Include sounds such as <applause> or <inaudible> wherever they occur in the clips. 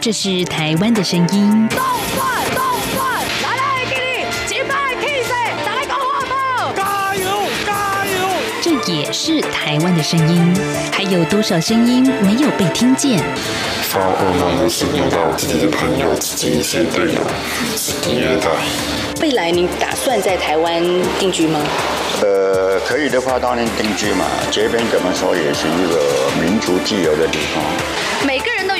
這是台灣的聲音。動動來來給你，K 加油加油。這也是台灣的聲音，還有多少聲音沒有被聽見？發二我們是別到自己的朋友、親人、隊未來您打算在台灣定居嗎？呃，可以的話，當然定居嘛。這邊怎麼說，也是一個民族自由的地方。每個。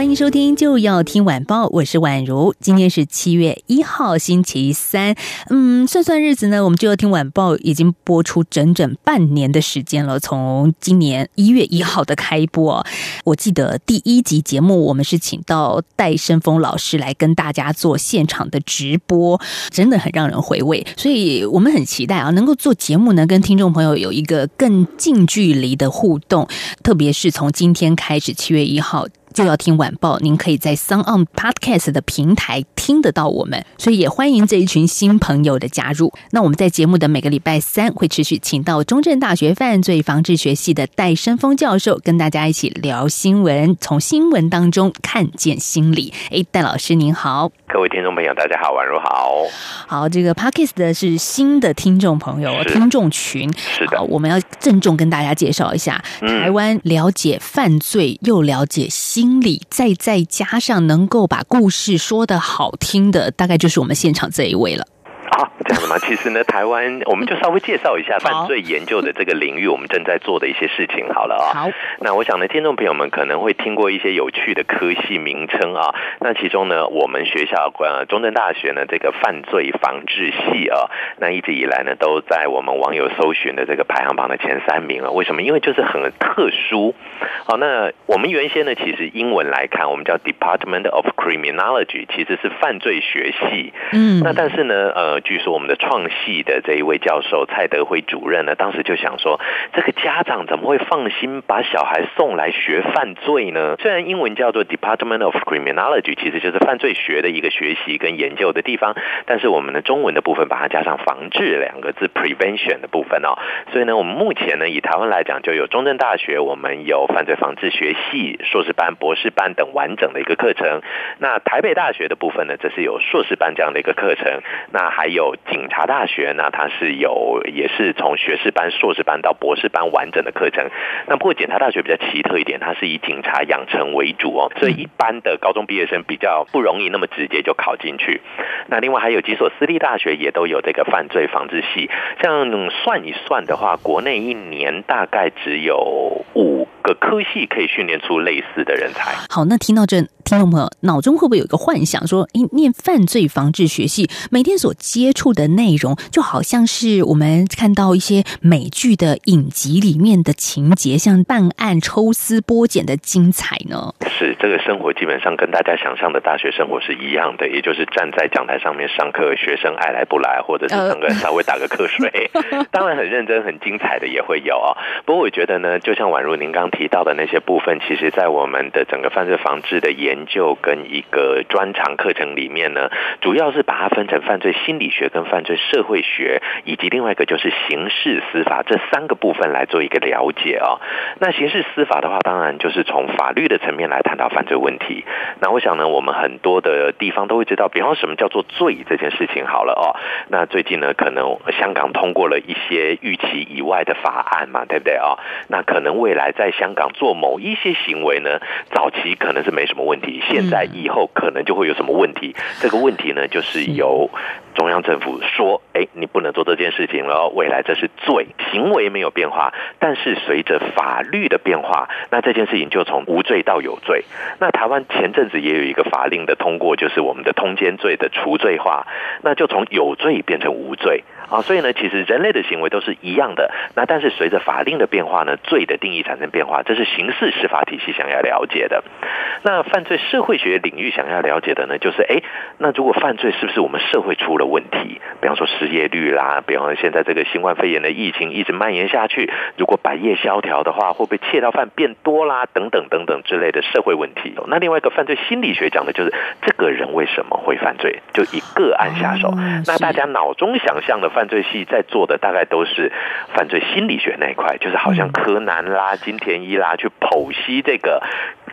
歡迎收聽就要聽婉報，我是婉如。今天是七月一號，星期三。嗯，算算日子呢，我們就要聽婉報已經播出整整半年的時間了。從今年一月一號的開播，我記得第一集節目我們是請到戴伸峰老師來跟大家做現場的直播，真的很讓人回味。所以我們很期待啊，能夠做節目呢，跟聽眾朋友有一個更近距離的互動。特別是從今天開始，七月一號。就要聽婉報，您可以在 SoundOn Podcast 的平台聽得到我們，所以也歡迎這一群新朋友的加入。那我們在節目的每個禮拜三會持續請到中正大學犯罪防治學系的戴伸峰教授，跟大家一起聊新聞，從新聞當中看見心理。哎，戴老師您好，各位聽眾朋友，大家好，婉如好。好，這個 Podcast 的是新的聽眾朋友、是聽眾群，是的，我們要鄭重跟大家介紹一下，台灣了解犯罪、嗯、又了解心。經歷，再再加上能夠把故事說得好聽的，大概就是我們現場這一位了。這麼？其實呢，台灣我們就稍微介紹一下犯罪研究的這個領域，我們正在做的一些事情好了啊、哦。好，那我想呢，聽眾朋友們可能會聽過一些有趣的科系名稱啊。那其中呢，我們學校呃，中正大學呢，這個犯罪防治系啊，那一直以來呢，都在我們網友搜尋的這個排行榜的前三名了。為什麼？因為就是很特殊。好，那我們原先呢，其實英文來看，我們叫 Department of Criminology，其實是犯罪學系。嗯。那但是呢，呃，據說。我們的創系的這一位教授蔡德輝主任呢，當時就想說，這個家長怎麼會放心把小孩送來學犯罪呢？雖然英文叫做 Department of Criminology，其實就是犯罪學的一個學習跟研究的地方，但是我們的中文的部分把它加上防治兩個字，prevention 的部分哦。所以呢，我們目前呢，以台灣來講，就有中正大學，我們有犯罪防治學系、碩士班、博士班等完整的一個課程。那台北大學的部分呢，這是有碩士班這樣的一個課程，那還有。警察大學呢，它是有也是從學士班、碩士班到博士班完整的課程。那不過警察大學比較奇特一點，它是以警察養成為主哦，所以一般的高中畢業生比較不容易那麼直接就考進去。那另外還有幾所私立大學也都有這個犯罪防治系。這樣算一算的話，國內一年大概只有五個科系可以訓練出類似的人才。好，那聽到這，聽眾朋友腦中會不會有一個幻想說，誒，念犯罪防治學系，每天所接觸。的內容就好像是我們看到一些美劇的影集裡面的情節，像辦案抽絲剝繭的精彩呢。是這個生活基本上跟大家想象的大學生活是一樣的，也就是站在講台上面上課，學生愛來不來，或者是上課稍微打個瞌睡。呃、當然很認真很精彩的也會有啊、哦。不過我覺得呢，就像宛如您剛提到的那些部分，其實在我們的整個犯罪防治的研究跟一個專長課程裡面呢，主要是把它分成犯罪心理學跟。犯罪社會學以及另外一個就是刑事司法這三個部分來做一個了解哦，那刑事司法的話，當然就是從法律的層面來探討犯罪問題。那我想呢，我們很多的地方都會知道，比方說什麼叫做罪這件事情好了哦。那最近呢，可能香港通過了一些預期以外的法案嘛，對不對哦，那可能未來在香港做某一些行為呢，早期可能是沒什麼問題，現在以後可能就會有什麼問題。這個問題呢，就是由。中央政府說：“哎，你不能做這件事情了，未來這是罪，行為沒有變化，但是隨着法律的變化，那這件事情就從無罪到有罪。那台灣前陣子也有一個法令的通過，就是我們的通奸罪的除罪化，那就從有罪變成無罪啊。所以呢，其實人類的行為都是一樣的，那但是隨着法令的變化呢，罪的定義產生變化，這是刑事司法體系想要了解的。那犯罪社會學領域想要了解的呢，就是哎，那如果犯罪是不是我們社會出？”的問題，比方說失業率啦，比方說現在這個新冠肺炎的疫情一直蔓延下去，如果百業蕭條的話，會不會竊盜犯變多啦？等等等等之類的社會問題。那另外一個犯罪心理學講的就是這個人為什麼會犯罪，就以個案下手。啊、那大家腦中想象的犯罪系在做的大概都是犯罪心理學那一塊，就是好像柯南啦、金田一啦去剖析這個。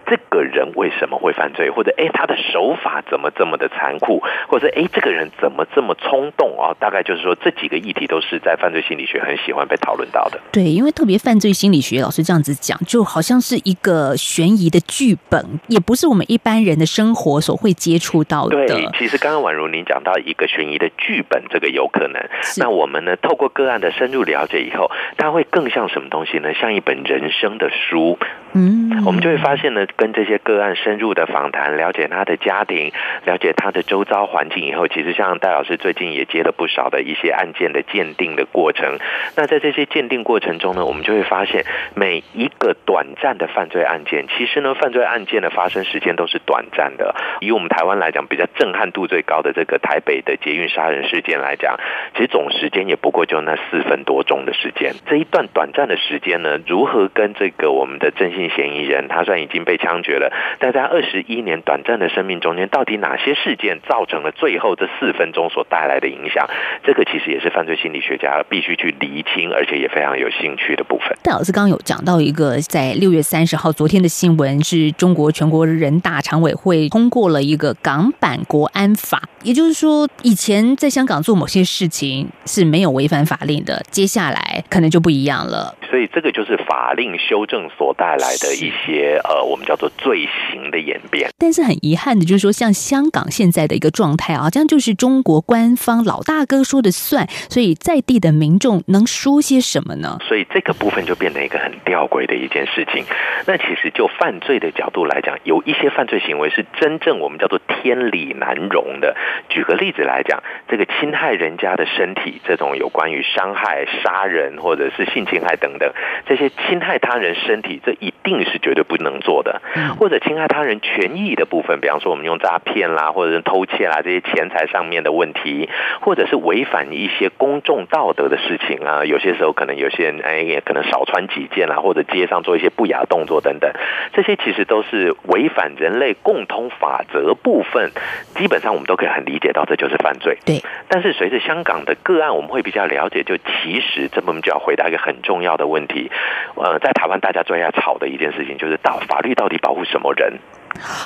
這個人為什麼會犯罪？或者，哎，他的手法怎麼這麼的殘酷？或者，哎，這個人怎麼這麼衝動啊？哦，大概就是說，這幾個議題都是在犯罪心理學很喜歡被討論到的。對，因為特別犯罪心理學老師這樣子講，就好像是一個懸疑的劇本，也不是我們一般人的生活所會接觸到的。對，其實剛剛婉如您講到一個懸疑的劇本，這個有可能。是那我們呢，透過個案的深入了解以後，它會更像什麼東西呢？像一本人生的書。嗯，我們就會發現呢。跟這些個案深入的訪談，了解他的家庭，了解他的周遭環境以後，其實像戴老師最近也接了不少的一些案件的鑑定的過程。那在這些鑑定過程中呢，我們就會發現每一個短暫的犯罪案件，其實呢，犯罪案件的發生時間都是短暫的。以我們台灣來講，比較震撼度最高的這個台北的捷運殺人事件來講，其實總時間也不過就那四分多鐘的時間。這一段短暫的時間呢，如何跟這個我們的徵信嫌疑人，他算已經被槍決了，但在二十一年短暫的生命中間，到底哪些事件造成了最後這四分鐘所帶來的影響？這個其實也是犯罪心理學家必須去理清，而且也非常有興趣的部分。戴老師剛剛有講到一個，在六月三十號昨天的新聞，是中國全國人大常委會通過了一個港版國安法，也就是說，以前在香港做某些事情是沒有違反法令的，接下來可能就不一樣了。所以這個就是法令修正所帶來的一些呃，我們叫做罪行的演變。但是很遺憾的，就是說像香港現在的一個狀態啊，這樣就是中國官方老大哥說的算，所以在地的民眾能說些什麼呢？所以這個部分就變成一個很弔詭的一件事情。那其實就犯罪的角度來講，有一些犯罪行為是真正我們叫做天理難容的。舉個例子來講，這個侵害人家的身體，這種有關於傷害、殺人或者是性侵害等，的這些侵害他人身體，這一定是絕對不能做的；或者侵害他人權益的部分，比方說我們用詐騙啦，或者是偷竊啦，這些錢財上面的問題，或者是違反一些公眾道德的事情啊。有些時候，可能有些人哎，也可能少穿幾件啦，或者街上做一些不雅動作等等，這些其實都是違反人類共通法則部分。基本上，我們都可以很理解到，這就是犯罪。對。但是隨着香港的個案，我們會比較了解，就其實這部分就要回答一個很重要的。問題，呃，在台灣大家最要吵的一件事情，就是到法律到底保護什麼人，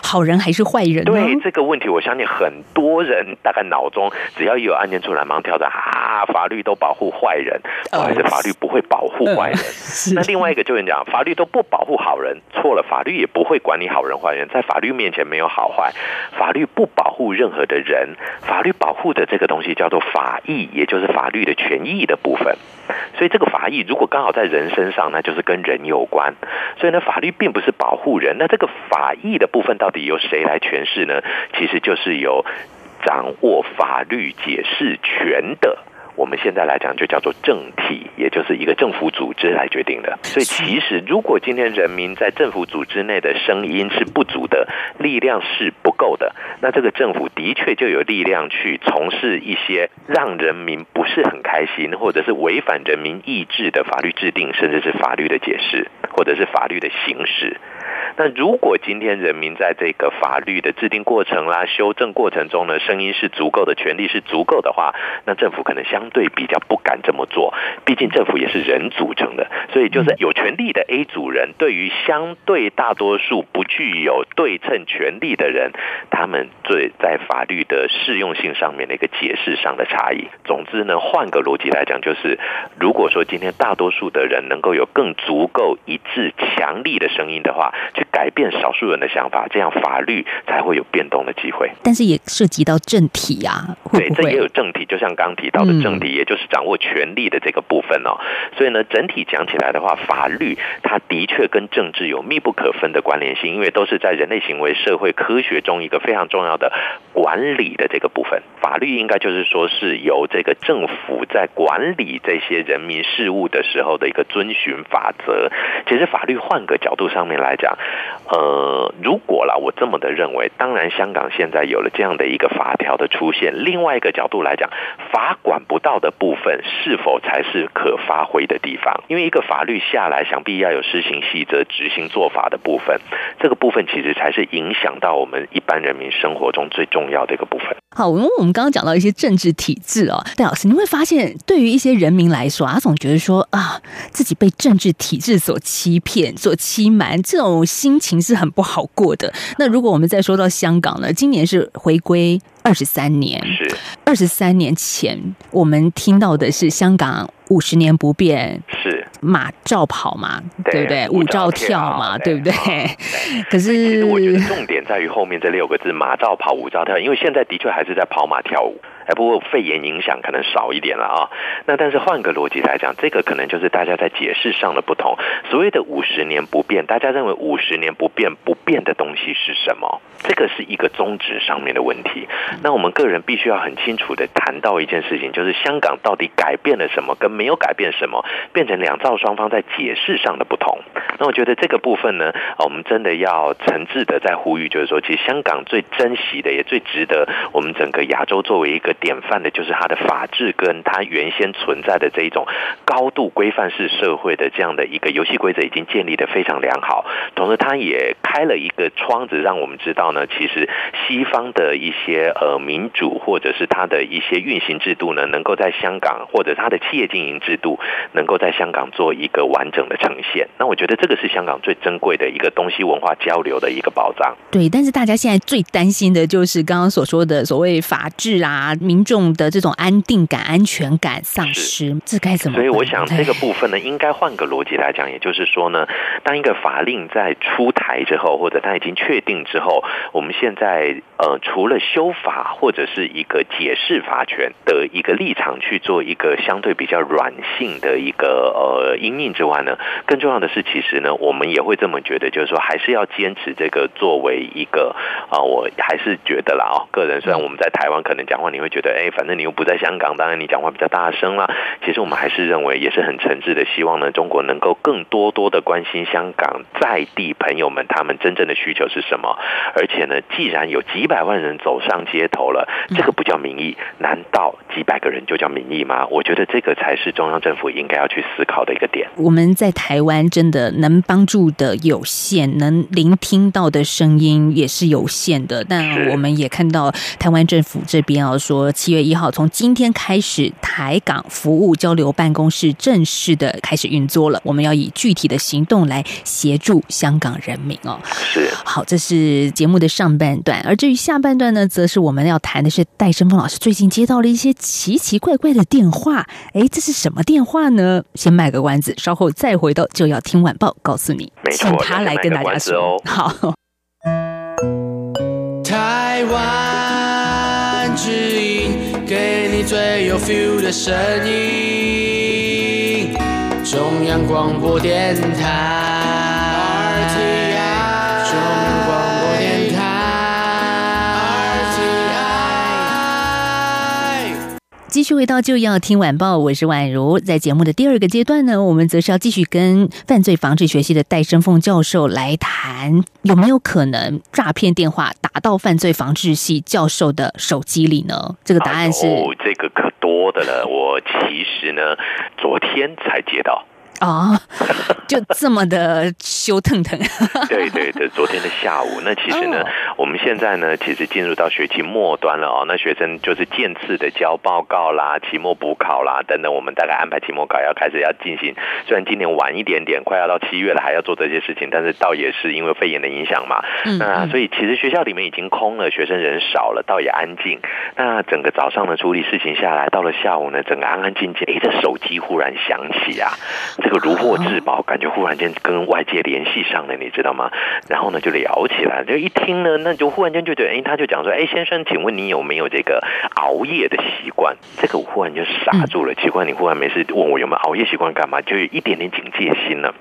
好人還是壞人？對這個問題，我相信很多人大概腦中，只要一有案件出來，忙跳着啊，法律都保護壞人，還是法律不會保護壞人？那另外一個就是講，法律都不保護好人，錯了，法律也不會管理好人壞人，在法律面前沒有好壞，法律不保護任何的人，法律保護的這個東西叫做法益，也就是法律的權益的部分。所以這個法益如果剛好在人身上呢，就是跟人有關。所以呢，法律並不是保護人。那這個法益的部分，到底由誰來詮釋呢？其實就是由掌握法律解釋權的。我們現在來講，就叫做政體，也就是一個政府組織來決定的。所以，其實如果今天人民在政府組織內的聲音是不足的，力量是不夠的，那這個政府的確就有力量去從事一些讓人民不是很開心，或者是違反人民意志的法律制定，甚至是法律的解釋，或者是法律的行使。那如果今天人民在這個法律的制定過程啦、啊、修正過程中呢，聲音是足夠的，權利是足夠的話，那政府可能相對比較不敢這麼做。畢竟政府也是人組成的，所以就是有權利的 A 組人，對於相對大多數不具有對稱權利的人，他們最在法律的適用性上面的一個解釋上的差異。總之呢，換個邏輯來講，就是如果說今天大多數的人能夠有更足夠一致、強力的聲音的話。去改變少數人的想法，這樣法律才會有變動的機會。但是也涉及到政體呀，對，這也有政體，就像剛提到的政體，嗯、也就是掌握權力的這個部分哦。所以呢，整體講起來的話，法律它的確跟政治有密不可分的關聯性，因為都是在人類行為社會科學中一個非常重要的管理的這個部分。法律應該就是說是由這個政府在管理這些人民事務的時候的一個遵循法則。其實法律換個角度上面來。呃、嗯，如果啦，我這麼的認為，當然香港現在有了這樣的一個法條的出現，另外一個角度來講，法管不到的部分，是否才是可發揮的地方？因為一個法律下來，想必要有施行細則、執行做法的部分，這個部分其實才是影響到我們一般人民生活中最重要的一個部分。好，我們剛剛講到一些政治體製哦，戴老師，你會發現對於一些人民來說，他總覺得說啊，自己被政治體制所欺騙、所欺瞞這種。心情是很不好過的。那如果我們再說到香港呢？今年是回歸二十三年，是二十三年前，我們聽到的是香港五十年不變，是馬照跑嘛，是對不對？對，舞照跳，跳嘛，對不對？對可是，其實我覺得重點在於後面這六個字：馬照跑，舞照跳。因為現在的確還是在跑馬跳舞。哎，不過肺炎影響可能少一點了啊。那但是換個邏輯來講，這個可能就是大家在解釋上的不同。所謂的五十年不變，大家認為五十年不變，不變的東西是什麼？這個是一個宗旨上面的問題。那我們個人必須要很清楚的談到一件事情，就是香港到底改變了什麼，跟沒有改變什麼，變成兩造雙方在解釋上的不同。那我覺得這個部分呢，我們真的要誠摯的在呼籲，就是說，其實香港最珍惜的，也最值得我們整個亞洲作為一個。典範的，就是它的法治跟它原先存在的這一種高度規範式社會的這樣的一個遊戲規則，已經建立得非常良好。同時，它也開了一個窗子，讓我們知道呢，其實西方的一些呃民主或者是它的一些運行制度呢，能夠在香港或者它的企業經營制度，能夠在香港做一個完整的呈現。那我覺得這個是香港最珍貴的一個東西，文化交流的一個保障。對，但是大家現在最擔心的就是剛剛所說的所謂法治啊。民眾的這種安定感、安全感喪失，是這該怎麼辦？所以我想這個部分呢，對應該換個邏輯來講，也就是說呢，當一個法令在出台之後，或者它已經確定之後，我們現在呃，除了修法或者是一個解釋法權的一個立場去做一個相對比較軟性的一個呃因應之外呢，更重要的是，其實呢，我們也會這麼覺得，就是說還是要堅持這個作為一個啊、呃，我還是覺得啦啊、哦，個人雖然我們在台灣可能講話你會。覺得哎，反正你又不在香港，當然你講話比較大聲啦。其實我們還是認為，也是很誠摯的，希望呢，中國能夠更多多的關心香港在地朋友們，他們真正的需求是什麼。而且呢，既然有幾百萬人走上街頭了，這個不叫民意，難道幾百個人就叫民意嗎？我覺得這個才是中央政府應該要去思考的一個點。我們在台灣真的能幫助的有限，能聆聽到的聲音也是有限的。但我們也看到台灣政府這邊啊說。七月一號，從今天開始，台港服務交流辦公室正式的開始運作了。我們要以具體的行動來協助香港人民哦。好，這是節目的上半段，而至於下半段呢，則是我們要談的是戴伸峰老師最近接到了一些奇奇怪怪的電話。哎，這是什麼電話呢？先賣個關子，稍後再回到就要聽婉報告訴你。沒錯，他來、哦、跟大家說好。台灣。的聲音，中央廣播電臺，中央廣播電臺。繼續回到就要聽晚報，我是婉如。在節目的第二個階段呢，我們則是要繼續跟犯罪防治學系的戴伸峰教授來談，有沒有可能詐騙電話打到犯罪防治系教授的手機裡呢？這個答案是這個多的了，我其實呢，昨天才接到。啊，oh, 就這麼的羞騰騰。 <laughs> 對對對，昨天的下午，那其實呢，oh. 我們現在呢，其實進入到學期末端了哦。那學生就是漸次的交報告啦，期末補考啦等等，我們大概安排期末考要開始要進行。雖然今年晚一點點，快要到七月了，還要做這些事情，但是倒也是因為肺炎的影響嘛。嗯、oh. 啊，所以其實學校裡面已經空了，學生人少了，倒也安靜。那整個早上的處理事情下來，到了下午呢，整個安安靜靜。哎，這手機忽然響起啊！這。個如獲至寶，感覺忽然間跟外界聯繫上了，你知道嗎？然後呢，就聊起來，就一聽呢，那就忽然間就覺得，哎，他就講說，哎，先生，請問你有沒有這個熬夜的習慣？這個我忽然就傻住了，奇怪，你忽然沒事問我有沒有熬夜習慣幹嘛？就有一點點警戒心呢。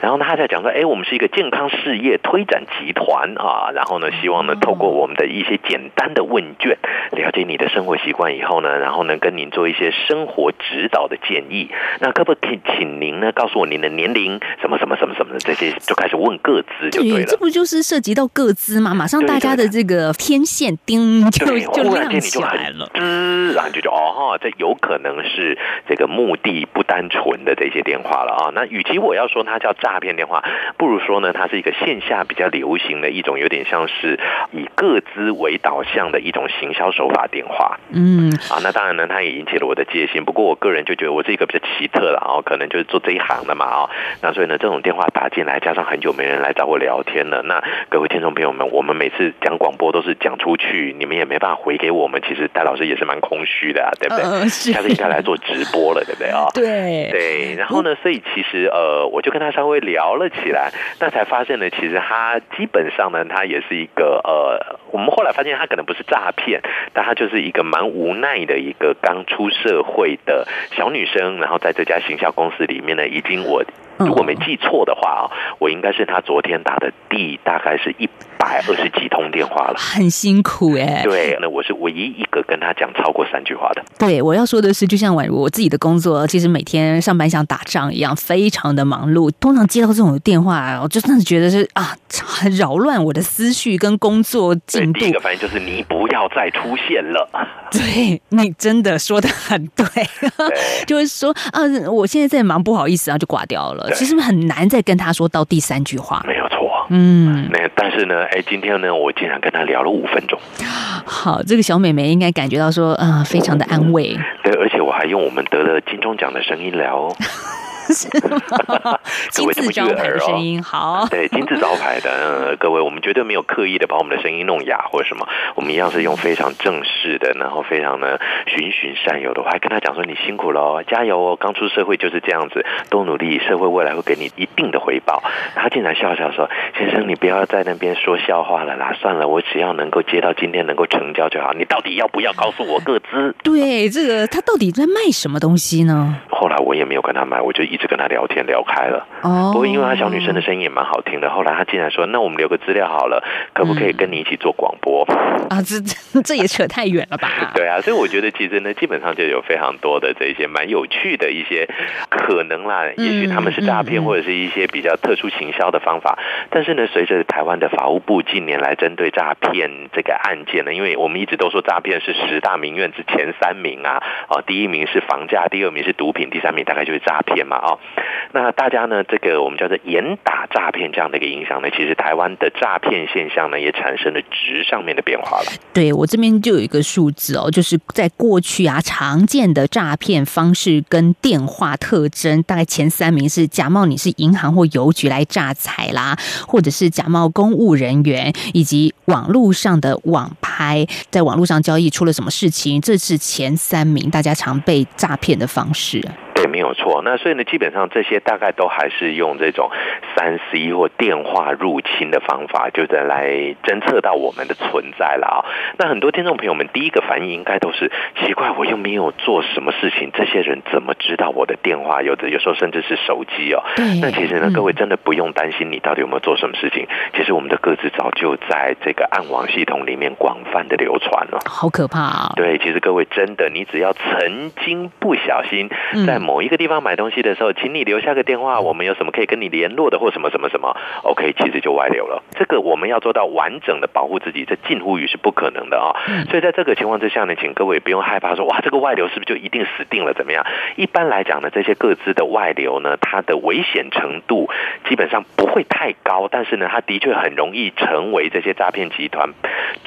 然後呢，他在講說，哎，我們是一個健康事業推展集團啊，然後呢，希望呢，透過我們的一些簡單的問卷，了解你的生活習慣以後呢，然後呢，跟您做一些生活指導的建議。那可不可以請您呢，告訴我您的年齡，什麼什麼什麼什麼的這些，就開始問個資。對了對，這不就是涉及到個資嘛？馬上大家的這個天線叮就就亮起來了，滋然就,、嗯、就哦哈，這有可能是這個目的不單純的這些電話了啊。那與其我要說它叫。詐騙電話，不如說呢，它是一個線下比較流行的一種，有點像是以個資為導向的一種行銷手法電話。嗯，啊，那當然呢，它也引起了我的戒心。不過我個人就覺得，我是一個比較奇特的，啊、哦，可能就是做這一行的嘛，啊、哦，那所以呢，這種電話打進來，加上很久沒人來找我聊天了。那各位聽眾朋友們，我們每次講廣播都是講出去，你們也沒辦法回給我們。其實戴老師也是蠻空虛的啊，對不對？他、呃、是應該來做直播了，對不對啊？對對，然後呢，所以其實呃，我就跟他稍微。會聊了起來，那才發現呢，其實他基本上呢，他也是一個呃，我們後來發現他可能不是詐騙，但他就是一個蠻無奈的一個剛出社會的小女生，然後在這家行銷公司裡面呢，已經我。如果沒記錯的話啊，嗯、我應該是他昨天打的第大概是一百二十幾通電話了，很辛苦哎、欸。對，那我是唯一一個跟他講超過三句話的。對，我要說的是，就像我我自己的工作，其實每天上班像打仗一樣，非常的忙碌。通常接到這種電話啊，我就真的覺得是啊，很擾亂我的思緒跟工作進度。第一個反應就是你不要再出現了。 <laughs> 對，你真的說的很對， <laughs> 對就是說啊，我現在在忙，不好意思啊，然後就掛掉了。對其實很難再跟他說到第三句話，沒有錯。嗯，那但是呢，哎，今天呢，我竟然跟他聊了五分鐘。好，這個小美眉應該感覺到說，啊、呃，非常的安慰。對，而且我還用我們得了金鐘獎的聲音聊、哦。 <laughs> 是，金字招牌的聲音好、哦。對，金字招牌的、呃，各位，我們絕對沒有刻意的把我們的聲音弄啞或者什麼，我們一樣是用非常正式的，然後非常的循循善誘的話，跟他講說：“你辛苦嘍，加油哦，剛出社會就是這樣子，多努力，社會未來會給你一定的回報。”他竟然笑笑說：“先生，你不要在那邊說笑話了啦，算了，我只要能夠接到今天能夠成交就好。你到底要不要告訴我個資？”對，這個他到底在賣什麼東西呢？後來我也沒有跟他買，我就一直跟他聊天聊開了。哦，oh, 不過因為他小女生的聲音也蠻好聽的，後來他竟然說：“那我們留個資料好了，可不可以跟你一起做廣播？”嗯、啊，這這也扯太遠了吧？ <laughs> 對啊，所以我覺得其實呢，基本上就有非常多的這些蠻有趣的一些可能啦。也許他們是詐騙，嗯、或者是一些比較特殊行銷的方法。嗯、但是呢，隨着台灣的法務部近年來針對詐騙這個案件呢，因為我們一直都說詐騙是十大民怨之前三名啊，啊，第一名是房價，第二名是毒品。第三名大概就是詐騙嘛，哦，那大家呢，這個我們叫做嚴打詐騙這樣的一個影響呢，其實台灣的詐騙現象呢，也產生了質上面的變化了。對我這邊就有一個數字哦，就是在過去啊，常見的詐騙方式跟電話特徵，大概前三名是假冒你是銀行或郵局來詐財啦，或者是假冒公務人員，以及網路上的網拍，在網路上交易出了什麼事情，這是前三名大家常被詐騙的方式。也沒有錯，那所以呢，基本上這些大概都還是用這種三 C 或電話入侵的方法，就在來偵測到我們的存在了啊、哦。那很多聽眾朋友們第一個反應應該都是奇怪，我又沒有做什麼事情，這些人怎麼知道我的電話？有的有時候甚至是手機哦。對那其實呢，各位真的不用擔心，你到底有沒有做什麼事情？嗯、其實我們的個資早就在這個暗網系統裡面廣泛的流傳了，哦，好可怕啊！對，其實各位真的，你只要曾經不小心在某某一個地方買東西的時候，請你留下個電話，我們有什麼可以跟你聯絡的，或什麼什麼什麼，OK，其實就外流了。這個我們要做到完整的保護自己，這近乎於是不可能的啊、哦。所以在這個情況之下呢，請各位不用害怕說，哇，這個外流是不是就一定死定了？怎麼樣？一般來講呢，這些個資的外流呢，它的危險程度基本上不會太高，但是呢，它的確很容易成為這些詐騙集團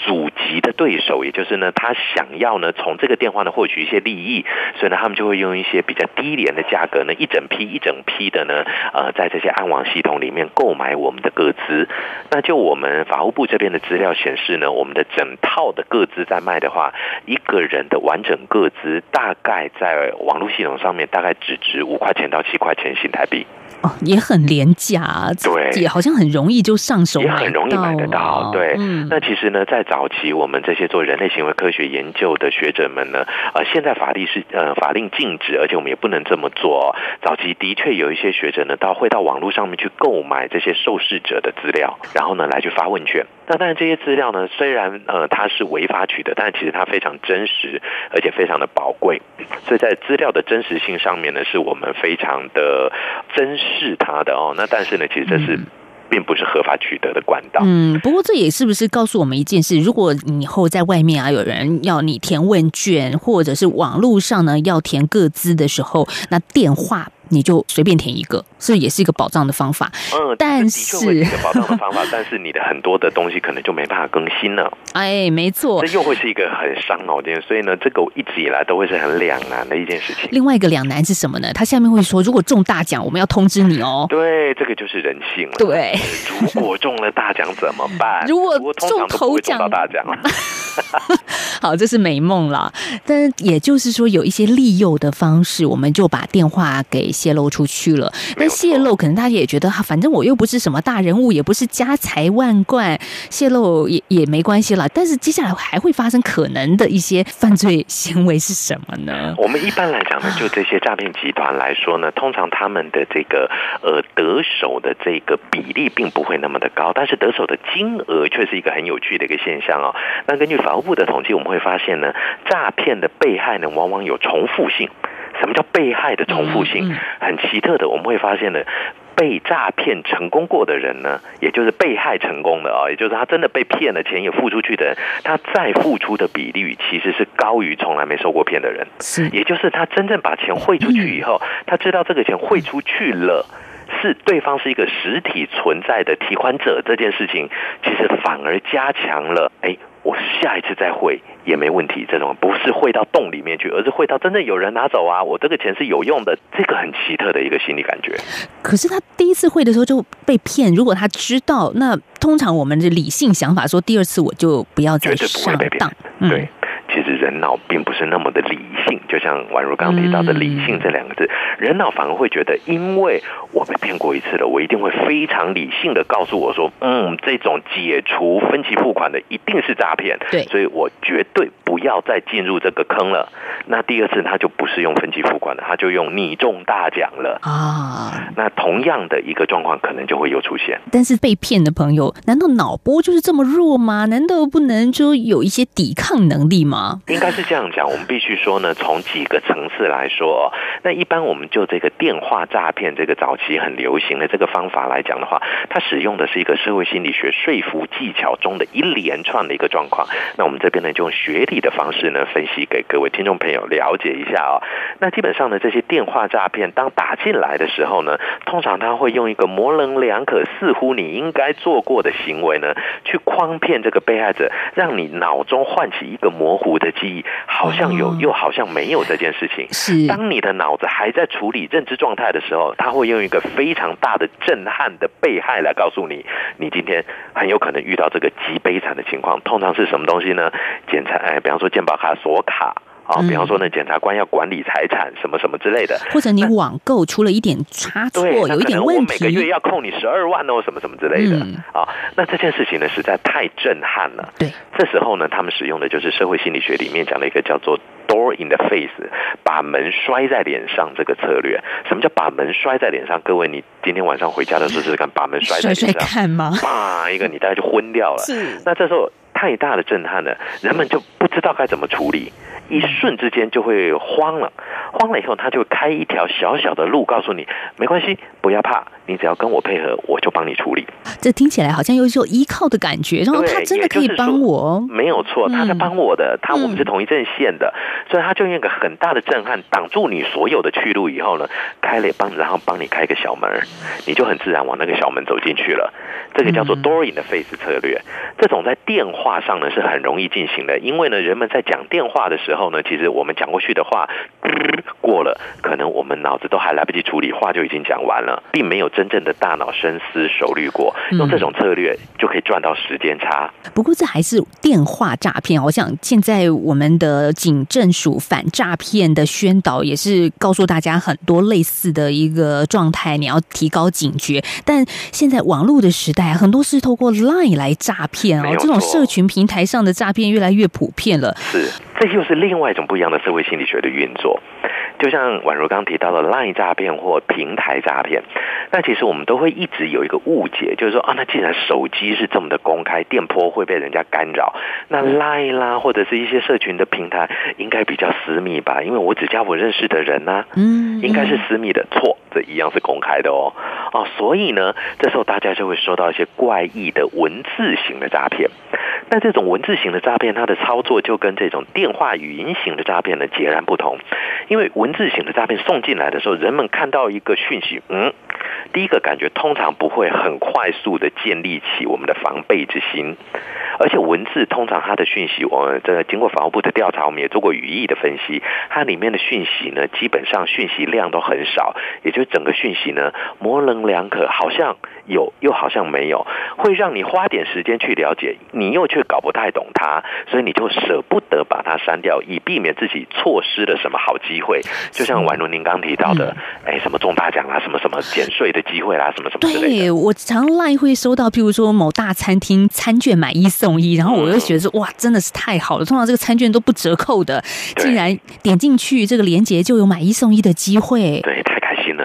狙擊的對手，也就是呢，他想要呢從這個電話呢獲取一些利益，所以呢，他們就會用一些比較低。低廉的價格呢，一整批一整批的呢，呃，在這些暗網系統裡面購買我們的個資。那就我們法務部這邊的資料顯示呢，我們的整套的個資在賣的話，一個人的完整個資大概在網絡系統上面大概只值五塊錢到七塊錢新台幣，哦，也很廉價，對，也好像很容易就上手買，也很容易買得到。哦、對，嗯、那其實呢，在早期我們這些做人類行為科學研究的學者們呢，呃，現在法律是，呃，法令禁止，而且我們也不能。這麼做，早期的確有一些學者呢，到會到網絡上面去購買這些受試者的資料，然後呢來去發問卷。那但是這些資料呢，雖然呃它是違法取得，但其實它非常真實，而且非常的寶貴。所以在資料的真實性上面呢，是我們非常的珍視它的哦。那但是呢，其實這是。嗯並不是合法取得的管道。嗯，不過這也是不是告訴我們一件事？如果你以後在外面啊，有人要你填問卷，或者是網絡上呢要填個資的時候，那電話。你就隨便填一個，所以也是一個保障的方法。嗯，但是的確是一個保障的方法， <laughs> 但是你的很多的東西可能就沒辦法更新了。哎，沒錯，這又會是一個很傷腦筋。所以呢，這個我一直以來都會是很兩難的一件事情。另外一個兩難是什麼呢？他下面會說，如果中大獎，我們要通知你哦。對，這個就是人性了。對， <laughs> 如果中了大獎怎麼辦？如果中頭獎大獎。 <laughs> <laughs> 好，這是美夢了。但也就是說，有一些利誘的方式，我們就把電話給泄露出去了。但泄露，可能大家也覺得，反正我又不是什麼大人物，也不是家財萬貫，泄露也也沒關係了。但是接下來還會發生可能的一些犯罪行為是什麼呢？我們一般來講呢，就這些詐騙集團來說呢，通常他們的這個呃得手的這個比例並不會那麼的高，但是得手的金額卻是一個很有趣的一個現象哦。那根據勞部的統計，我們會發現呢，詐騙的被害呢，往往有重複性。什麼叫被害的重複性？很奇特的，我們會發現呢，被詐騙成功過的人呢，也就是被害成功的啊、哦，也就是他真的被騙了錢也付出去的人，他再付出的比例其實是高於從來沒受過騙的人。是，也就是他真正把錢匯出去以後，他知道這個錢匯出去了，是對方是一個實體存在的提款者，這件事情其實反而加強了，哎。我下一次再匯也沒問題，這種不是匯到洞裡面去，而是匯到真正有人拿走啊！我這個錢是有用的，這個很奇特的一個心理感覺。可是他第一次匯的時候就被騙，如果他知道，那通常我們的理性想法說，第二次我就不要再上當，對，嗯、對。其實人腦並不是那麼的理性，就像婉如剛剛提到的“理性”這兩個字，嗯、人腦反而會覺得，因為我被騙過一次了，我一定會非常理性的告訴我說：“嗯，嗯，這種解除分期付款的一定是詐騙。”對，所以我絕對不要再進入這個坑了。那第二次他就不是用分期付款了，他就用你中大獎了啊！那同樣的一個狀況，可能就會又出現。但是被騙的朋友，難道腦波就是這麼弱嗎？難道不能就有一些抵抗能力嗎？應該是這樣講，我們必須說呢，從幾個層次來說，哦，那一般我們就這個電話詐騙這個早期很流行的這個方法來講的話，它使用的是一個社會心理學說服技巧中的一連串的一個狀況。那我們這邊呢，就用學理的方式呢，分析給各位聽眾朋友了解一下啊，哦。那基本上呢，這些電話詐騙當打進來的時候呢，通常他會用一個模棱兩可、似乎你應該做過的行為呢，去誆騙這個被害者，讓你腦中喚起一個模糊。的記憶好像有，嗯、又好像沒有這件事情。是當你的腦子還在處理認知狀態的時候，他會用一個非常大的震撼、的被害來告訴你，你今天很有可能遇到這個極悲慘的情況。通常是什麼東西呢？檢查，哎，比方說健保卡鎖卡。啊、哦，比方說呢，檢察官要管理財產，什麼什麼之類的，或者你網購出了一點差錯，有一點問題，可能我每個月要扣你十二萬哦，什麼什麼之類的啊、嗯哦。那這件事情呢，實在太震撼了。對，這時候呢，他們使用的就是社會心理學裡面講的一個叫做 door in the face，把門摔在臉上這個策略。什麼叫把門摔在臉上？各位，你今天晚上回家的時候，是敢把門摔在臉上摔摔看嗎？啪一個你大概就昏掉了。是那這時候。太大的震撼了，人們就不知道該怎麼處理，一瞬之間就會慌了。慌了以後，他就開一條小小的路，告訴你沒關係，不要怕，你只要跟我配合，我就幫你處理。這聽起來好像有一種依靠的感覺，然後他真的可以幫我。沒有錯，他在幫我的，嗯、他我們是同一陣線的，嗯、所以他就用一個很大的震撼擋住你所有的去路以後呢，開了幫，然後幫你開一個小門，你就很自然往那個小門走進去了。這個叫做 door-in-the-face 策略，這種在電話。話上呢是很容易進行的，因為呢，人們在講電話的時候呢，其實我們講過去的話、呃，過了，可能我們腦子都還來不及處理，話就已經講完了，並沒有真正的大腦深思熟慮過。用這種策略就可以賺到時間差、嗯。不過這還是電話詐騙，我想現在我們的警政署反詐騙的宣導也是告訴大家很多類似的一個狀態，你要提高警覺。但現在網絡的時代，很多是透過 LINE 來詐騙哦，這種社群。群平台上的詐騙越來越普遍了。是，這又是另外一種不一樣的社會心理學的運作。就像宛如剛提到的 LINE 詐騙或平台詐騙，那其實我們都會一直有一個誤解，就是說啊，那既然手機是這麼的公開，電波會被人家干擾，那 LINE 啦、啊嗯、或者是一些社群的平台應該比較私密吧？因為我只加我認識的人啊，嗯，應該是私密的，嗯、錯。這一樣是公開的哦，啊、哦，所以呢，這時候大家就會收到一些怪異的文字型的詐騙。那這種文字型的詐騙，它的操作就跟這種電話語音型的詐騙呢截然不同。因為文字型的詐騙送進來的時候，人們看到一個訊息，嗯，第一個感覺通常不會很快速的建立起我們的防備之心。而且文字通常它的訊息，我們經過法務部的調查，我們也做過語義的分析，它裡面的訊息呢，基本上訊息量都很少，也就是。整個訊息呢，模棱兩可，好像有又好像沒有，會讓你花點時間去了解，你又卻搞不太懂它，所以你就捨不得把它刪掉，以避免自己錯失了什麼好機會。就像宛如您剛提到的，嗯、哎，什麼中大獎啦、啊，什麼什麼減稅的機會啦、啊，什麼什麼的。對，我常賴會收到，譬如說某大餐廳餐券卷買一送一，然後我又覺得說，哇，真的是太好了！通常這個餐券都不折扣的，竟然點進去這個連結就有買一送一的機會。對。對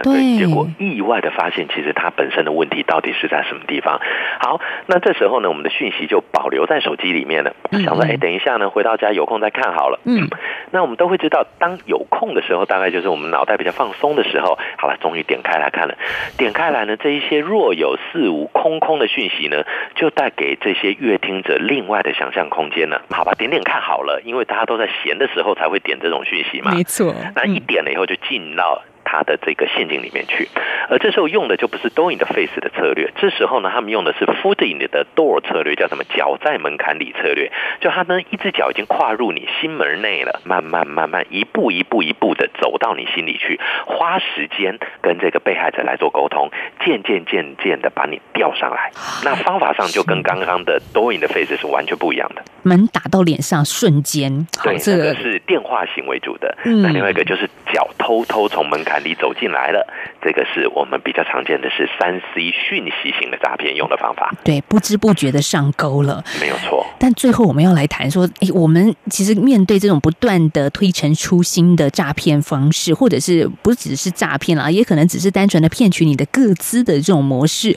對，結果意外的發現，其實它本身的問題到底是在什麼地方？好，那這時候呢，我們的訊息就保留在手機裡面了。嗯嗯，想說，哎，等一下呢，回到家有空再看好了。嗯，那我們都會知道，當有空的時候，大概就是我們腦袋比較放鬆的時候。好了，終於點開來看了，點開來呢，這一些若有似無、空空的訊息呢，就帶給這些閱聽者另外的想象空間了。好吧，點點看好了，因為大家都在閒的時候才會點這種訊息嘛。沒錯，嗯、那一點了以後就進到。他的這個陷阱裡面去，而這時候用的就不是 door in the face 的策略，這時候呢，他們用的是 foot in the door 策略，叫什麼？腳在門檻裡策略，就他們一隻腳已經跨入你心門內了，慢慢慢慢，一步一步一步的走到你心裡去，花時間跟這個被害者來做溝通，漸，漸漸漸漸的把你吊上來。那方法上就跟剛剛的 door in the face 是完全不一樣的。門打到臉上，瞬間。對，這、那個是電話型為主的，嗯、那另外一個就是腳偷偷從門檻。你走進來了，這個是我們比較常見的是三 C 訊息型的詐騙用的方法。對，不知不覺的上鈎了，沒有錯。但最後我們要來談說，哎、欸，我們其實面對這種不斷的推陳出新的詐騙方式，或者是不只是詐騙啊，也可能只是單純的騙取你的個資的這種模式，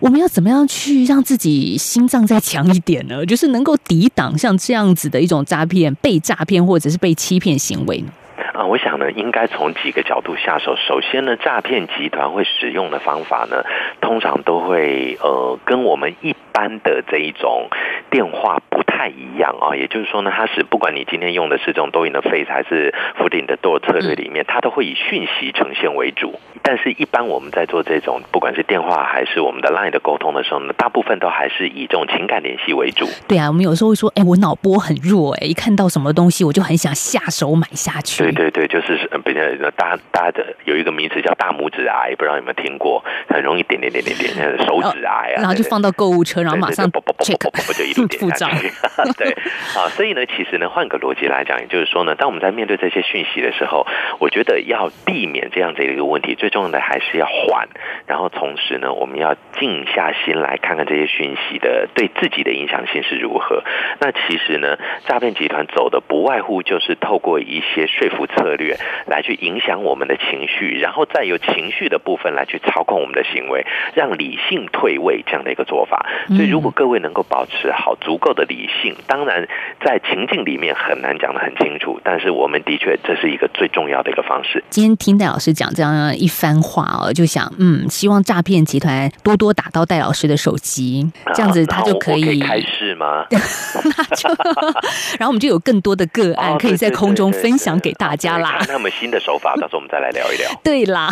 我們要怎麼樣去讓自己心臟再強一點呢？就是能夠抵擋像這樣子的一種詐騙、被詐騙或者是被欺騙行為呢？啊、呃，我想。應該從幾個角度下手。首先呢，詐騙集團會使用的方法呢，通常都會呃跟我們一般的這一種電話不太一樣啊、哦。也就是說呢，它是不管你今天用的是這種抖音的 Face 還是福鼎的多策略裡面，它都會以訊息呈現為主。但是，一般我們在做這種不管是電話還是我們的 Line 的溝通的時候呢，大部分都還是以這種情感聯繫為主。對啊，我們有時候會說，哎、欸，我腦波很弱、欸，哎，一看到什麼東西我就很想下手買下去。對對對，就是。是，是，不像大大的有一個名詞叫大拇指癌，不知道有沒有聽過？很容易點點點點點手指癌啊，對對對，然後就放到購物車，然後馬上不不不不不就一路點下去，副帳 對啊，所以呢，其實呢，換個邏輯來講，也就是說呢，當我們在面對這些訊息的時候，我覺得要避免這樣子一個問題，最重要的還是要緩，然後同時呢，我們要靜下心來看看這些訊息的對自己的影響性是如何。那其實呢，詐騙集團走的不外乎就是透過一些說服策略。.來去影響我們的情緒，然後再由情緒的部分來去操控我們的行為，讓理性退位這樣的一個做法。嗯、所以，如果各位能夠保持好足夠的理性，當然在情境裡面很難講得很清楚，但是我們的確這是一個最重要的一個方式。今天聽戴老師講這樣一番話哦，就想嗯，希望詐騙集團多多打到戴老師的手機，啊、這樣子他就可以，可以開始嗎？那就，然後我們就有更多的個案可以在空中分享給大家啦。那麼新的手法，到時候我們再來聊一聊。對啦，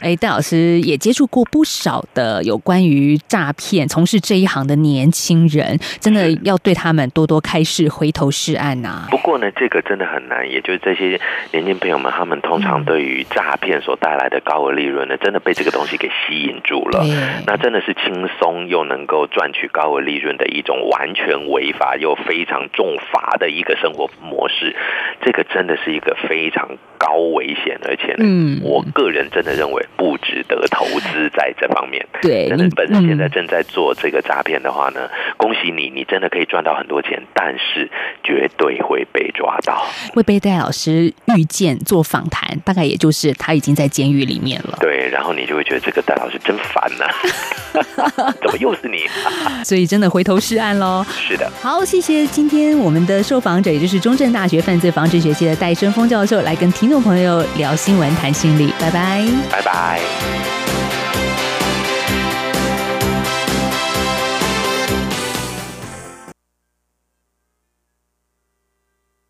哎，戴、欸、老師也接觸過不少的有關於詐騙從事這一行的年輕人，真的要對他們多多開示，嗯、回頭是岸吶、啊。不過呢，這個真的很難，也就是這些年輕朋友們，他們通常對於詐騙所帶來的高額利潤呢，嗯、真的被這個東西給吸引住了。對那真的是輕鬆又能夠賺取高額利潤的一種完全違法又非常重罰的一個生活模式，這個真的是一個。非常高危險，而且呢，嗯，我個人真的認為不值得投資在這方面。對，真本身現在正在做這個詐騙的話呢，嗯、恭喜你，你真的可以賺到很多錢，但是絕對會被抓到。會被戴老師遇見做訪談，大概也就是他已經在監獄裡面了。對，然後你就會覺得這個戴老師真煩呢、啊， <laughs> <laughs> 怎麼又是你？ <laughs> 所以真的回頭是岸嘍。是的，好，謝謝今天我們的受訪者，也就是中正大學犯罪防治學系的戴伸峰戴教授來跟聽眾朋友聊新聞、談心理，拜拜，拜拜。